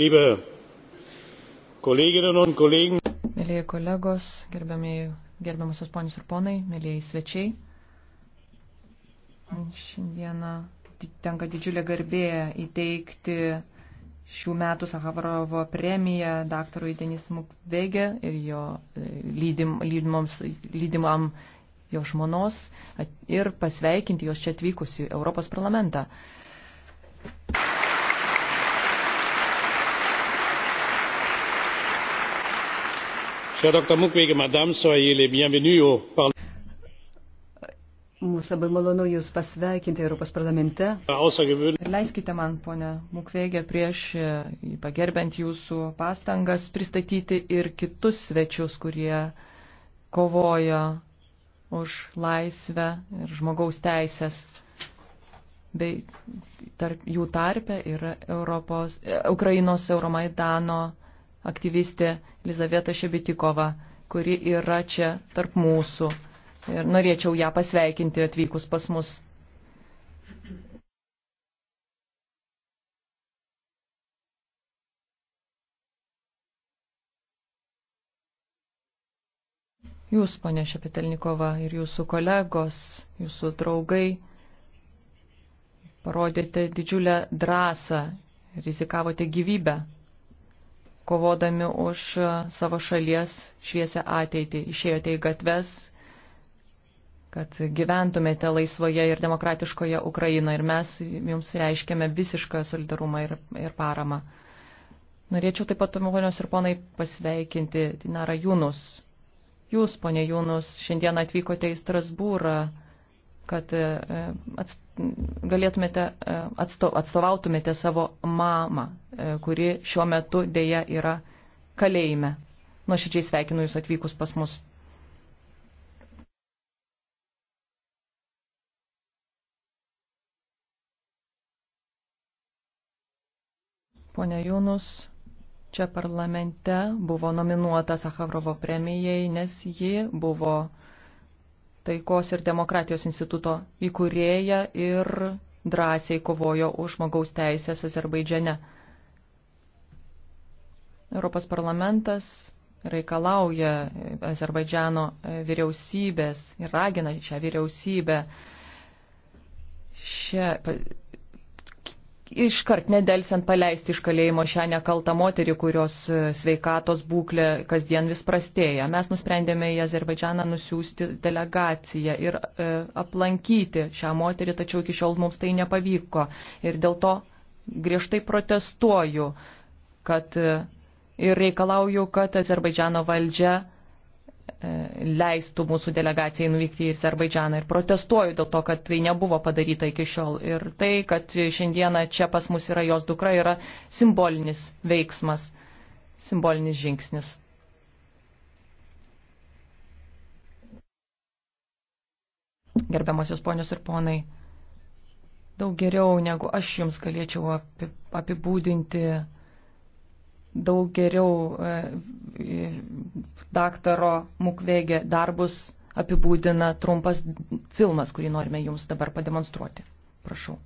Liebe Kolleginnen und Kollegen. Mėlyje kolegos, gerbiamusios ponius ir ponai, mėlyje svečiai. Šiandieną tenka didžiulė garbė įteikti šių metų Sahavarovo premiją daktarui Denis Mukwege ir jo e, lydim, lydimoms, lydimam jo žmonos ir pasveikinti jos čia atvykusi Europos parlamentą. Cher Dr. Mukwege, Madame, soyez les bienvenus au Parlement. Mums labai malonu Jūs pasveikinti Europos parlamente. Ah, leiskite man, ponė Mukvėgė, prieš e, pagerbent Jūsų pastangas pristatyti ir kitus svečius, kurie kovojo už laisvę ir žmogaus teisės. Bei tarp, jų tarpe yra Europos, e, Ukrainos Euromaidano aktyvistė Elizaveta Šebitikova, kuri yra čia tarp mūsų. Ir norėčiau ją pasveikinti atvykus pas mus. Jūs, ponė Šepitelnikova, ir jūsų kolegos, jūsų draugai parodėte didžiulę drąsą, rizikavote gyvybę kovodami už savo šalies šviesę ateitį. Išėjote į gatves, kad gyventumėte laisvoje ir demokratiškoje Ukrainoje ir mes jums reiškiame visišką solidarumą ir, ir paramą. Norėčiau taip pat, ponios ir ponai, pasveikinti Dinarą Jūnus. Jūs, ponė Jūnus, šiandien atvykote į Strasbūrą kad e, ats, galėtumėte e, atsto, atstovautumėte savo mamą, e, kuri šiuo metu dėja yra kalėjime. Nuoširdžiai sveikinu Jūs atvykus pas mus. Pone Junus, čia parlamente buvo nominuota Sakavrovo premijai, nes ji buvo taikos ir demokratijos instituto įkūrėja ir drąsiai kovojo už žmogaus teisės Azerbaidžiane. Europos parlamentas reikalauja Azerbaidžiano vyriausybės ir ragina šią vyriausybę šią iškart nedelsiant paleisti iš kalėjimo šią nekaltą moterį, kurios e, sveikatos būklė kasdien vis prastėja. Mes nusprendėme į Azerbaidžianą nusiųsti delegaciją ir e, aplankyti šią moterį, tačiau iki šiol mums tai nepavyko. Ir dėl to griežtai protestuoju kad, e, ir reikalauju, kad Azerbaidžiano valdžia leistų mūsų delegacijai nuvykti į Azerbaidžianą ir protestuoju dėl to, kad tai nebuvo padaryta iki šiol. Ir tai, kad šiandieną čia pas mus yra jos dukra, yra simbolinis veiksmas, simbolinis žingsnis. Gerbiamosios ponios ir ponai, daug geriau negu aš jums galėčiau apibūdinti daug geriau e, daktaro Mukvegė darbus apibūdina trumpas filmas, kurį norime jums dabar pademonstruoti. Prašau.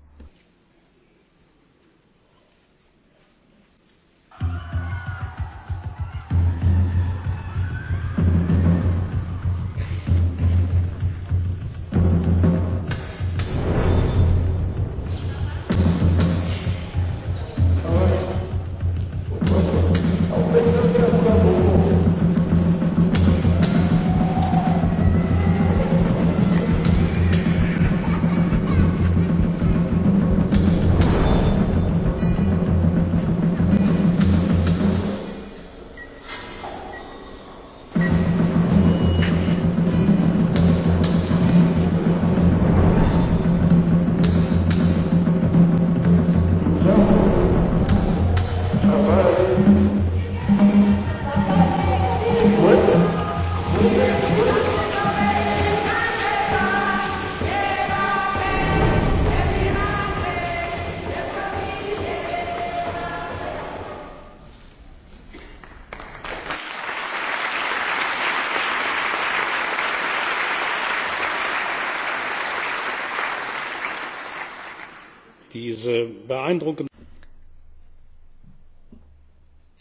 diese äh, beeindruckende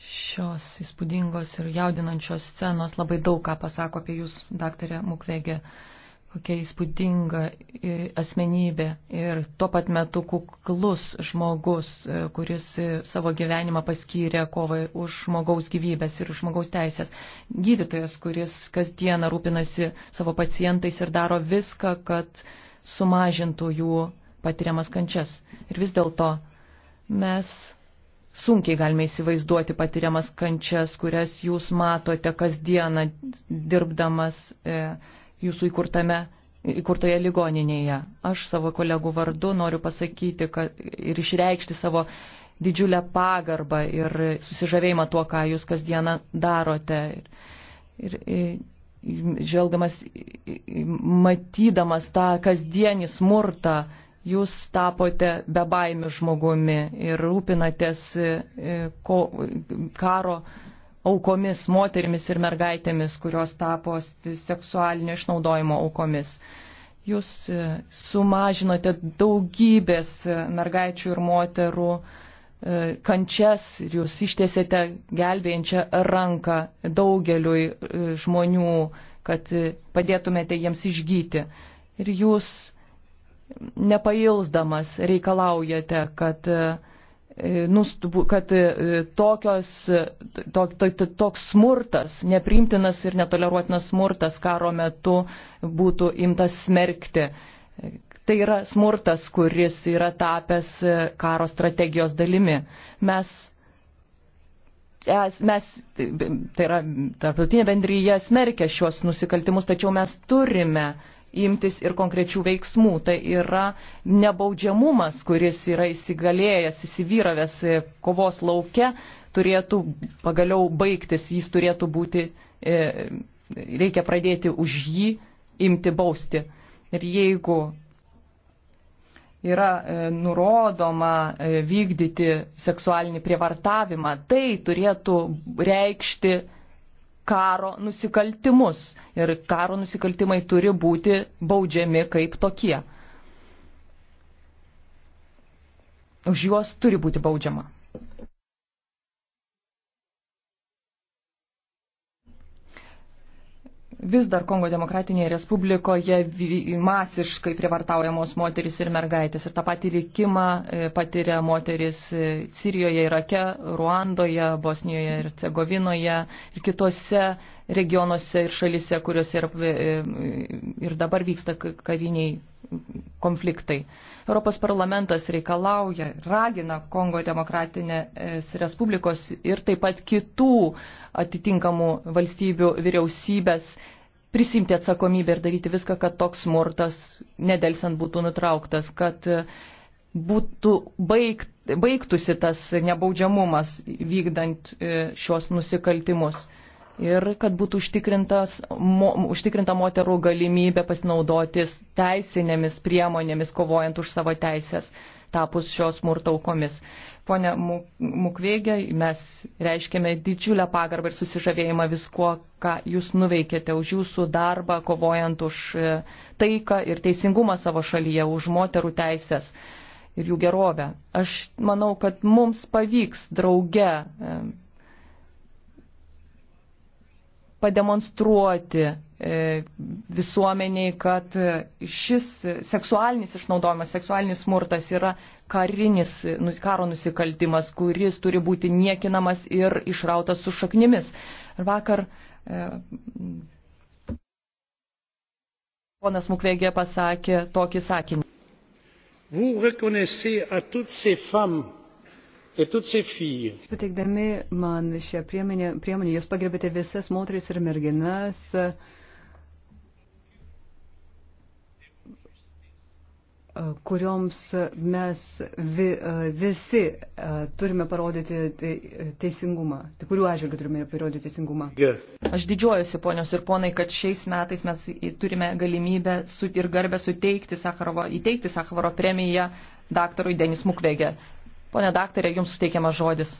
Šios įspūdingos ir jaudinančios scenos labai daug ką pasako apie jūs, daktarė Mukvegė, kokia įspūdinga e, asmenybė ir tuo pat metu kuklus žmogus, e, kuris e, savo gyvenimą paskyrė kovai už žmogaus gyvybės ir žmogaus teisės. Gydytojas, kuris kasdieną rūpinasi savo pacientais ir daro viską, kad sumažintų jų patiriamas kančias. Ir vis dėlto mes sunkiai galime įsivaizduoti patiriamas kančias, kurias jūs matote kasdieną dirbdamas e, jūsų įkurtame, įkurtoje ligoninėje. Aš savo kolegų vardu noriu pasakyti kad, ir išreikšti savo didžiulę pagarbą ir susižavėjimą tuo, ką jūs kasdieną darote. Ir, ir, žvelgdamas, matydamas tą kasdienį smurtą, jūs tapote bebaimių žmogumi ir rūpinatės e, ko, karo aukomis, moterimis ir mergaitėmis, kurios tapo seksualinio išnaudojimo aukomis. Jūs e, sumažinote daugybės e, mergaičių ir moterų kančias ir jūs ištiesėte gelbėjančią ranką daugeliui žmonių, kad padėtumėte jiems išgyti. Ir jūs nepailsdamas reikalaujate, kad, e, nustubu, kad e, tokios, to, to, to, toks smurtas, nepriimtinas ir netoleruotinas smurtas karo metu būtų imtas smerkti. Tai yra smurtas, kuris yra tapęs e, karo strategijos dalimi. Mes mes, tai yra tarptautinė bendryje smerkia šios nusikaltimus, tačiau mes turime uh, imtis ir konkrečių veiksmų. Tai yra nebaudžiamumas, kuris yra įsigalėjęs, įsivyravęs e, kovos laukia, turėtų pagaliau baigtis, jis turėtų būti, e, reikia pradėti už jį imti bausti. Ir jeigu yra e, nurodoma vykdyti seksualinį prievartavimą, tai turėtų reikšti karo nusikaltimus ir karo nusikaltimai turi būti baudžiami kaip tokie. Už juos turi būti baudžiama. vis dar Kongo demokratinėje Respublikoje masiškai privartaujamos moteris ir mergaitės. Ir tą patį likimą e, patiria moteris e, Sirijoje, Irake, Ruandoje, Bosnijoje ir Cegovinoje ir kitose regionuose ir šalise, kuriuose ir, e, ir dabar vyksta kariniai konfliktai. Europos parlamentas reikalauja, ragina Kongo demokratinės Respublikos ir taip pat kitų atitinkamų valstybių vyriausybės prisimti atsakomybę ir daryti viską, kad toks smurtas nedelsiant būtų nutrauktas, kad e, būtų baigt, baigtusi tas nebaudžiamumas vykdant e, šios nusikaltimus ir kad būtų mo, užtikrinta moterų galimybė pasinaudotis teisinėmis priemonėmis, kovojant už savo teisės, tapus šios smurto aukomis. Pone Mukvėgė, mes reiškėme didžiulę pagarbą ir susižavėjimą viskuo, ką jūs nuveikėte už jūsų darbą, kovojant už e, taiką ir teisingumą savo šalyje, už moterų teisės ir jų gerovę. Aš manau, kad mums pavyks drauge e, pademonstruoti e, visuomeniai, kad šis seksualinis išnaudojimas, seksualinis smurtas yra karinis nu, karo nusikaltimas, kuris turi būti niekinamas ir išrautas su šaknimis. Ir vakar e, ponas Mukvėgė pasakė tokį sakinį. Vous reconnaissez à toutes ces femmes Pateikdami man šią priemonę, priemonę, jūs pagerbėte visas moteris ir merginas. kurioms mes vi, visi turime parodyti teisingumą, tai kuriuo atžvilgiu turime parodyti teisingumą. Aš didžiuojuosi, ponios ir ponai, kad šiais metais mes turime galimybę ir garbę suteikti Sakarovo, įteikti Sakarovo premiją daktarui Denis Mukvegė. Pone daktarė, jums suteikiamas žodis.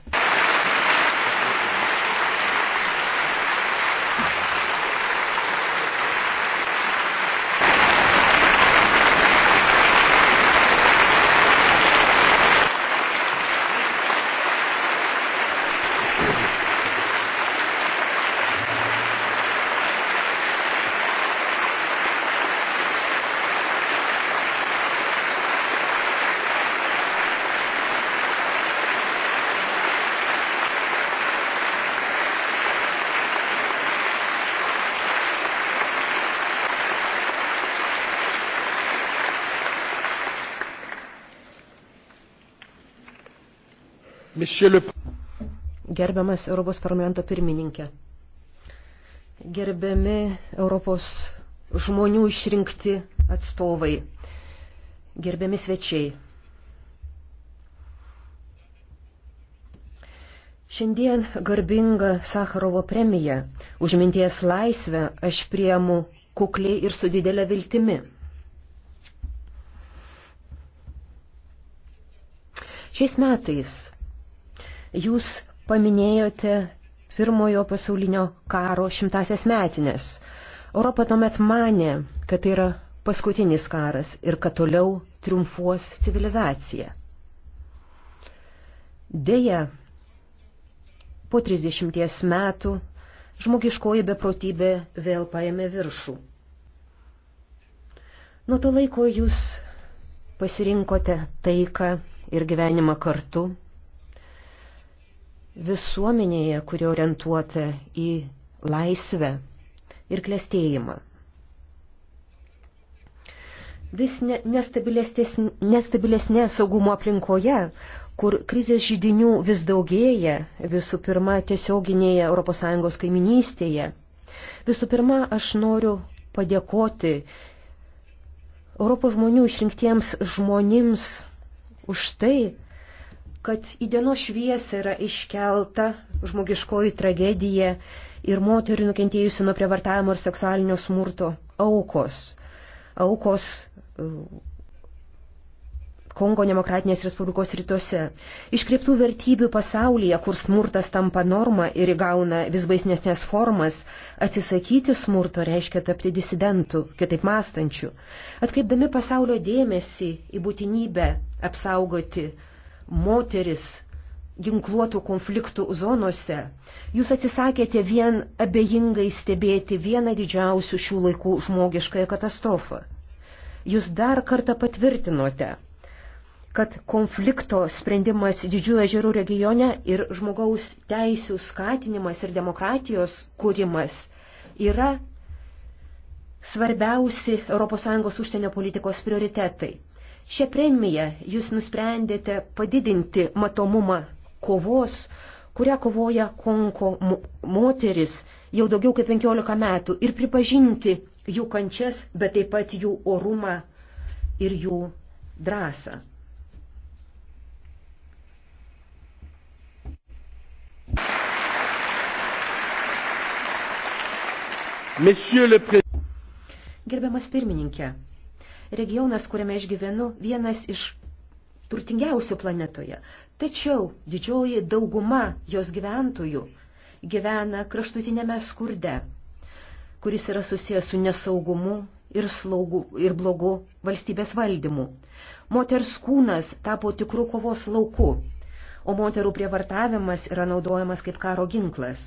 Gerbiamas Europos parlamento pirmininkė, gerbiami Europos žmonių išrinkti atstovai, gerbiami svečiai. Šiandien garbinga Sakarovo premija už minties laisvę aš priemu kukliai ir su didelė viltimi. Šiais metais Jūs paminėjote pirmojo pasaulinio karo šimtasias metinės. Europa tuomet manė, kad tai yra paskutinis karas ir kad toliau triumfuos civilizacija. Deja, po 30 metų žmogiškoji beprotybė vėl paėmė viršų. Nuo to laiko jūs pasirinkote taiką ir gyvenimą kartu visuomenėje, kuri orientuota į laisvę ir klėstėjimą. Vis ne, nestabilesnė saugumo aplinkoje, kur krizės žydinių vis daugėja, visų pirma tiesioginėje ES kaiminystėje. Visų pirma, aš noriu padėkoti Europos žmonių išrinktiems žmonims už tai, kad į dienos šviesą yra iškelta žmogiškoji tragedija ir moterių nukentėjusių nuo prievartavimo ir seksualinio smurto aukos. Aukos e, Kongo demokratinės Respublikos rytuose. Iškreiptų vertybių pasaulyje, kur smurtas tampa norma ir įgauna vis baisnesnės formas, atsisakyti smurto reiškia tapti disidentų, kitaip mąstančių. Atkreipdami pasaulio dėmesį į būtinybę apsaugoti moteris ginkluotų konfliktų zonose, jūs atsisakėte vien abejingai stebėti vieną didžiausių šių laikų žmogiškąją katastrofą. Jūs dar kartą patvirtinote, kad konflikto sprendimas Didžiųjų ežerų regione ir žmogaus teisų skatinimas ir demokratijos kūrimas yra svarbiausi ES užsienio politikos prioritetai. Šią premiją jūs nusprendėte padidinti matomumą kovos, kurią kovoja Konko moteris jau daugiau kaip 15 metų ir pripažinti jų kančias, bet taip pat jų orumą ir jų drąsą. Gerbiamas pirmininkė, regionas, kuriame aš gyvenu, vienas iš turtingiausių planetoje. Tačiau didžioji dauguma jos gyventojų gyvena kraštutinėme skurde, kuris yra susijęs su nesaugumu ir, slaugu, ir blogu valstybės valdymu. Moters kūnas tapo tikrų kovos lauku, o moterų prievartavimas yra naudojamas kaip karo ginklas.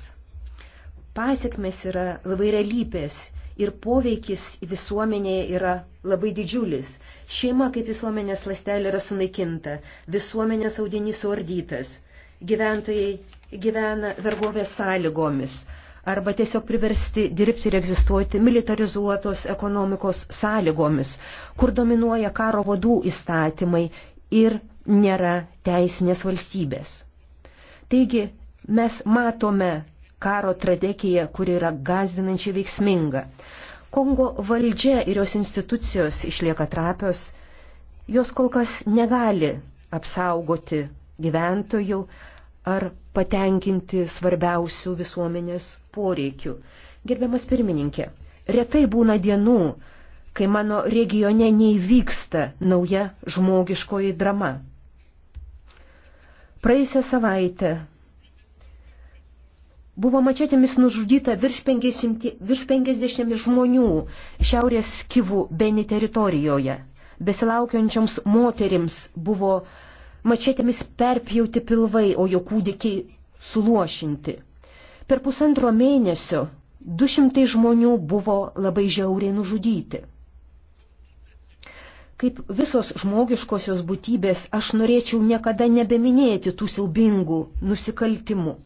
Pasiekmes yra labai realybės ir poveikis visuomenėje yra labai didžiulis. Šeima kaip visuomenės lastelė yra sunaikinta, visuomenės audinys suardytas, gyventojai gyvena vergovės sąlygomis arba tiesiog priversti dirbti ir egzistuoti militarizuotos ekonomikos sąlygomis, kur dominuoja karo vadų įstatymai ir nėra teisinės valstybės. Taigi mes matome karo tragediją, kuri yra gazdinančiai veiksminga. Kongo valdžia ir jos institucijos išlieka trapios, jos kol kas negali apsaugoti gyventojų ar patenkinti svarbiausių visuomenės poreikių. Gerbiamas pirmininkė, retai būna dienų, kai mano regione neįvyksta nauja žmogiškoji drama. Praėjusią savaitę Buvo mačetėmis nužudyta virš 50, virš 50 žmonių šiaurės kivų beni teritorijoje. Besilaukiančioms moterims buvo mačetėmis perpjauti pilvai, o jo kūdikiai suluošinti. Per pusantro mėnesio 200 žmonių buvo labai žiauriai nužudyti. Kaip visos žmogiškosios būtybės, aš norėčiau niekada nebeminėti tų siaubingų nusikaltimų.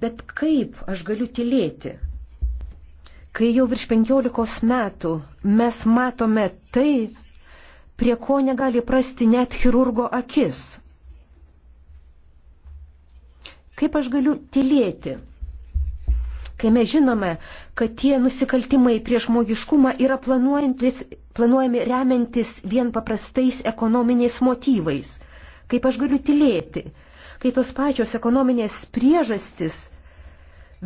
Bet kaip aš galiu tylėti, kai jau virš penkiolikos metų mes matome tai, prie ko negali prasti net chirurgo akis. Kaip aš galiu tylėti, kai mes žinome, kad tie nusikaltimai prieš žmogiškumą yra planuojami remiantis vien paprastais ekonominiais motyvais? Kaip aš galiu tylėti, kai tos pačios ekonominės priežastis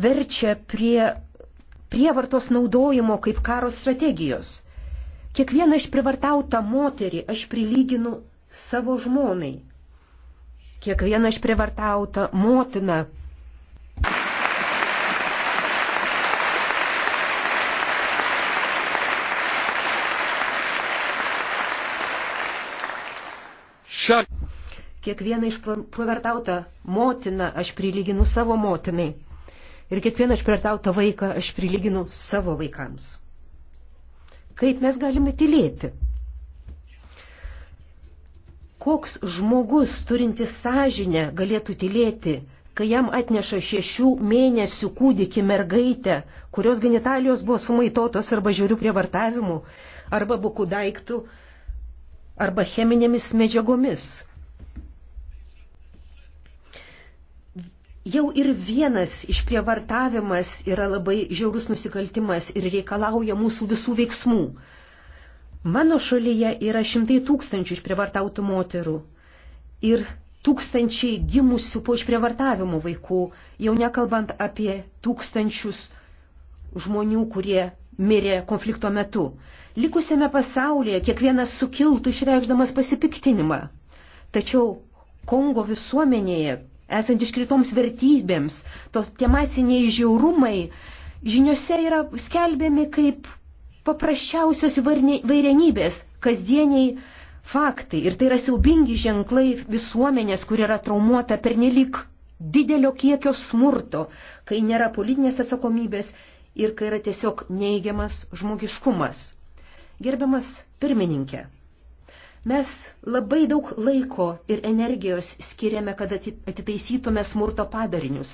verčia prie prievartos naudojimo kaip karo strategijos. Kiekvieną išprivartautą moterį aš prilyginu savo žmonai. Kiekvieną išprivartautą motiną chaque Kiekvieną išprovertautą motiną aš prilyginu savo motinai. Ir kiekvieną išprovertautą vaiką aš prilyginu savo vaikams. Kaip mes galime tylėti? Koks žmogus turintis sąžinę galėtų tylėti, kai jam atneša šešių mėnesių kūdikį mergaitę, kurios genitalijos buvo sumaitotos arba žiūrių prievartavimu, arba bukų daiktų, arba cheminėmis medžiagomis. Jau ir vienas išprievartavimas yra labai žiaurus nusikaltimas ir reikalauja mūsų visų veiksmų. Mano šalyje yra šimtai tūkstančių išprievartautų moterų ir tūkstančiai gimusių po išprievartavimo vaikų, jau nekalbant apie tūkstančius žmonių, kurie mirė konflikto metu. Likusiame pasaulyje kiekvienas sukiltų išreikšdamas pasipiktinimą. Tačiau Kongo visuomenėje esant iškritoms vertybėms, tos tie masiniai žiaurumai žiniuose yra skelbiami kaip paprasčiausios vairenybės, kasdieniai faktai. Ir tai yra siaubingi ženklai visuomenės, kur yra traumuota pernelik didelio kiekio smurto, kai nėra politinės atsakomybės ir kai yra tiesiog neigiamas žmogiškumas. Gerbiamas pirmininkė, Mes labai daug laiko ir energijos skiriame, kad atitaisytume smurto padarinius.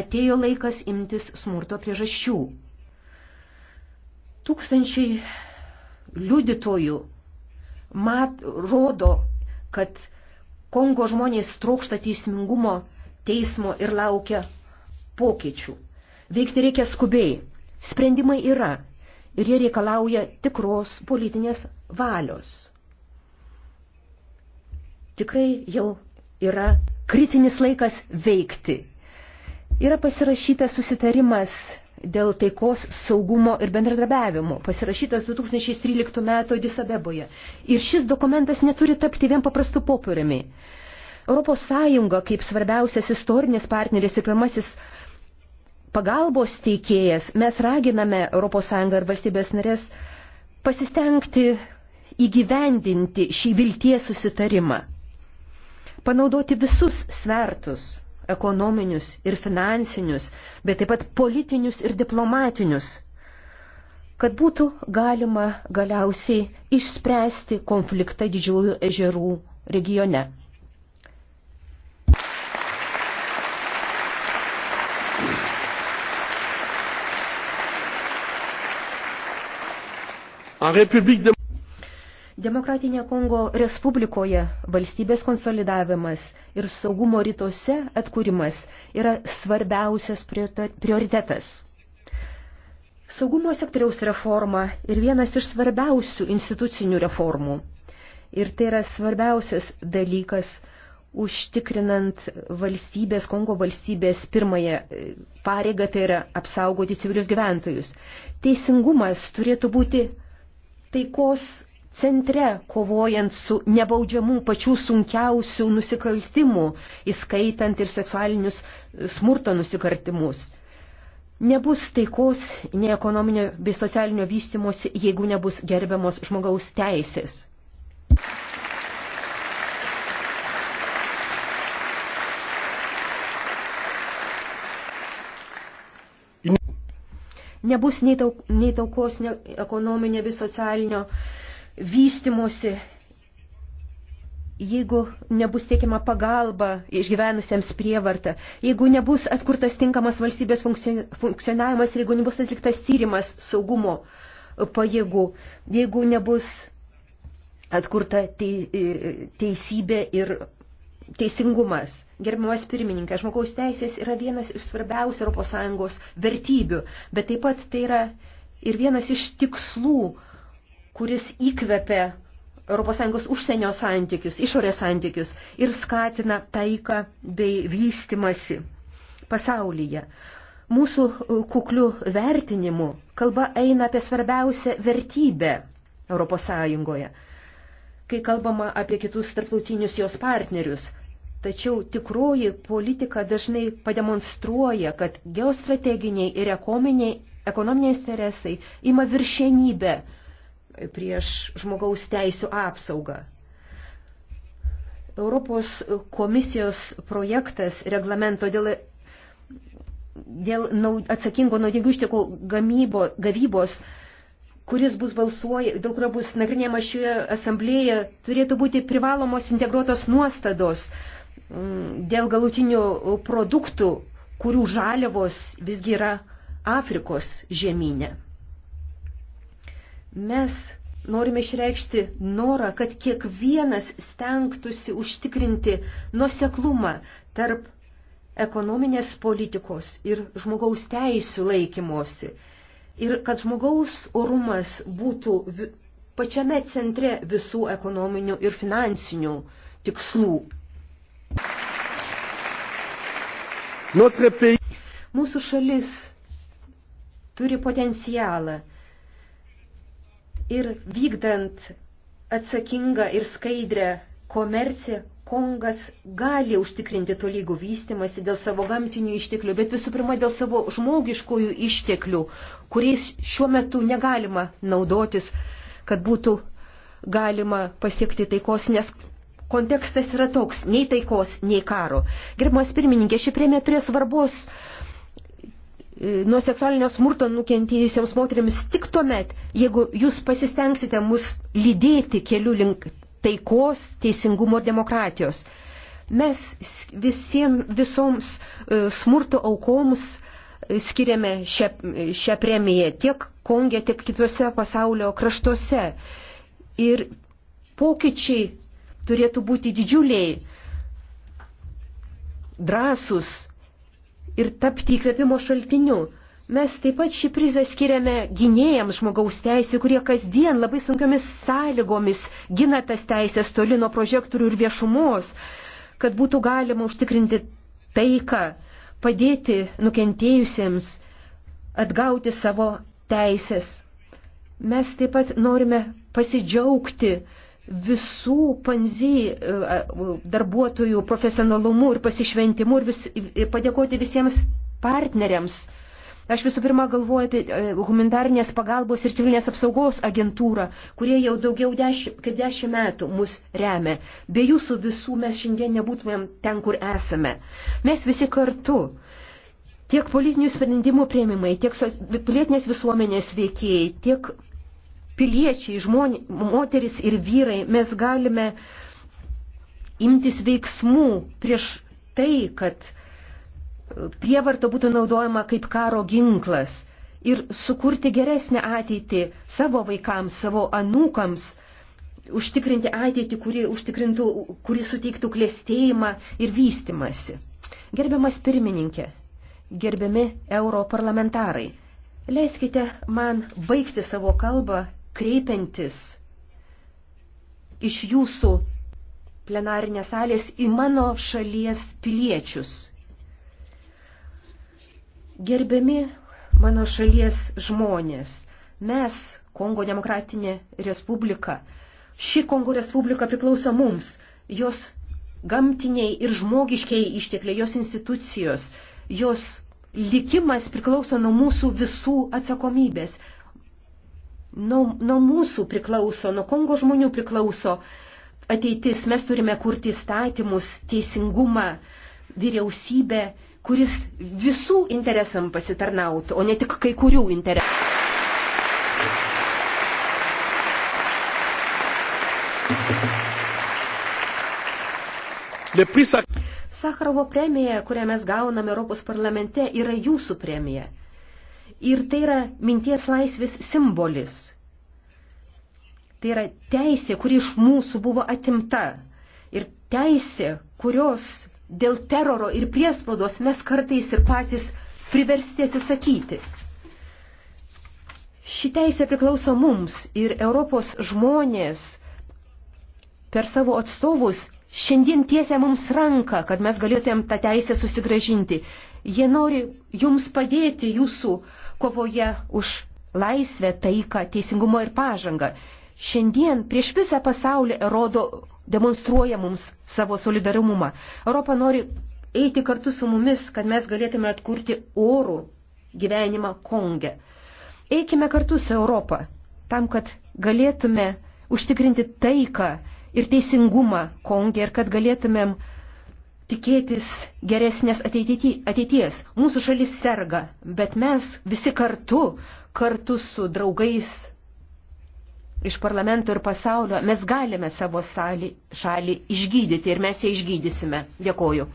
Atėjo laikas imtis smurto priežasčių. Tūkstančiai liudytojų mat, rodo, kad Kongo žmonės trokšta teismingumo teismo ir laukia pokyčių. Veikti reikia skubiai. Sprendimai yra ir jie reikalauja tikros politinės valios tikrai jau yra kritinis laikas veikti. Yra pasirašytas susitarimas dėl taikos, saugumo ir bendradarbiavimo, pasirašytas 2013 metų Disabeboje. Ir šis dokumentas neturi tapti vien paprastu popieriumi. Europos Sąjunga kaip svarbiausias istorinis partneris ir pirmasis pagalbos teikėjas, mes raginame Europos Sąjungą ir valstybės narės pasistengti įgyvendinti šį vilties susitarimą panaudoti visus svertus - ekonominius ir finansinius, bet taip pat politinius ir diplomatinius, kad būtų galima galiausiai išspręsti konfliktą didžiųjų ežerų regione. En République de... Demokratinė Kongo Respublikoje valstybės konsolidavimas ir saugumo rytuose atkūrimas yra svarbiausias prioritetas. Saugumo sektoriaus reforma ir vienas iš svarbiausių institucinių reformų. Ir tai yra svarbiausias dalykas užtikrinant valstybės, Kongo valstybės pirmąją e, pareigą, tai yra apsaugoti civilius gyventojus. Teisingumas turėtų būti taikos centre, kovojant su nebaudžiamų pačių sunkiausių nusikaltimų, įskaitant ir seksualinius smurto nusikaltimus. Nebus taikos, nei ekonominio bei socialinio vystimosi, jeigu nebus gerbiamos žmogaus teisės. nebus nei, tauk, nei taukos, nei ekonominio, bei socialinio vystimusi, jeigu nebus teikiama pagalba išgyvenusiems prievartą, jeigu nebus atkurtas tinkamas valstybės funkcionavimas ir jeigu nebus atliktas tyrimas saugumo pajėgų, jeigu nebus atkurta e, teisybė ir teisingumas. Gerbiamas pirmininkas, žmogaus teisės yra vienas iš svarbiausių ES vertybių, bet taip pat tai yra ir vienas iš tikslų, kuris įkvepia ES užsienio santykius, išorės santykius ir skatina taiką bei vystimasi pasaulyje. Mūsų e, kuklių vertinimu kalba eina apie svarbiausią vertybę ES. Kai kalbama apie kitus tarptautinius jos partnerius, Tačiau tikroji politika dažnai pademonstruoja, kad geostrateginiai ir ekonominiai interesai ima viršenybę prieš žmogaus teisų apsaugą. Europos komisijos projektas reglamento dėl, dėl nau, atsakingo naudingų ištekų gamybo, gavybos, kuris bus balsuoja, dėl kurio bus nagrinėjama šioje asamblėje, turėtų būti privalomos integruotos nuostados mm, dėl galutinių produktų, kurių žaliavos visgi yra Afrikos žemynė. Mes norime išreikšti norą, kad kiekvienas stengtųsi užtikrinti nuoseklumą tarp ekonominės politikos ir žmogaus teisių laikymosi. Ir kad žmogaus orumas būtų pačiame centre visų ekonominių ir finansinių tikslų. Mūsų šalis turi potencialą ir vykdant atsakingą ir skaidrę komerciją, Kongas gali užtikrinti tolygų vystimasi dėl savo gamtinių išteklių, bet visų pirma dėl savo žmogiškųjų išteklių, kuriais šiuo metu negalima naudotis, kad būtų galima pasiekti taikos, nes kontekstas yra toks, nei taikos, nei karo. Gerbimas pirmininkė, ši premija turės svarbos nuo seksualinio smurto nukentėjusiams moteriams tik tuomet, jeigu jūs pasistengsite mus lydėti keliu link taikos, teisingumo ir demokratijos. Mes visiems, visoms e, smurto aukoms e, skiriame šią, šią premiją tiek Kongė, tiek kitose pasaulio kraštuose. Ir pokyčiai turėtų būti didžiuliai, drąsus, ir tapti įkvėpimo šaltiniu. Mes taip pat šį prizą skiriame gynėjams žmogaus teisų, kurie kasdien labai sunkiomis sąlygomis gina tas teisės toli nuo projektorių ir viešumos, kad būtų galima užtikrinti taiką, padėti nukentėjusiems atgauti savo teisės. Mes taip pat norime pasidžiaugti visų panzy e, darbuotojų profesionalumu ir pasišventimu ir, vis, ir padėkoti visiems partneriams. Aš visų pirma galvoju apie e, humanitarnės pagalbos ir civilinės apsaugos agentūrą, kurie jau daugiau deši, kaip dešimt metų mus remia. Be jūsų visų mes šiandien nebūtumėm ten, kur esame. Mes visi kartu. Tiek politinių sprendimų prieimimai, tiek pilietinės visuomenės veikėjai, tiek piliečiai, žmonė, moteris ir vyrai, mes galime imtis veiksmų prieš tai, kad e, prievarta būtų naudojama kaip karo ginklas ir sukurti geresnę ateitį savo vaikams, savo anūkams, užtikrinti ateitį, kuri, užtikrintų, kuri suteiktų klėstėjimą ir vystimasi. Gerbiamas pirmininkė, gerbiami europarlamentarai, leiskite man baigti savo kalbą kreipiantis iš jūsų plenarinės salės į mano šalies piliečius. Gerbiami mano šalies žmonės, mes, Kongo Demokratinė Respublika, ši Kongo Respublika priklauso mums, jos gamtiniai ir žmogiškiai ištekliai, jos institucijos, jos likimas priklauso nuo mūsų visų atsakomybės. Nuo, nuo mūsų priklauso, nuo Kongo žmonių priklauso ateitis. Mes turime kurti statymus, teisingumą, vyriausybę, kuris visų interesam pasitarnautų, o ne tik kai kurių interesų. Sacharovo premija, kurią mes gauname Europos parlamente, yra jūsų premija. Ir tai yra minties laisvės simbolis. Tai yra teisė, kuri iš mūsų buvo atimta. Ir teisė, kurios dėl teroro ir priespaudos mes kartais ir patys priversti atsisakyti. Ši teisė priklauso mums ir Europos žmonės per savo atstovus šiandien tiesia mums ranką, kad mes galėtumėm tą teisę susigražinti. Jie nori jums padėti jūsų uh, kovoje už laisvę, taiką, teisingumą ir pažangą. Šiandien prieš visą pasaulį rodo, demonstruoja mums savo solidarumumą. Europa nori eiti kartu su mumis, kad mes galėtume atkurti orų gyvenimą Konge. Eikime kartu su Europą, tam, kad galėtume užtikrinti taiką ir teisingumą Konge ir kad galėtumėm uh, tikėtis geresnės ateities. Mūsų šalis serga, bet mes visi kartu, kartu su draugais iš parlamento ir pasaulio, mes galime savo salį, šalį išgydyti ir mes ją išgydysime. Dėkoju.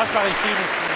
was war ich?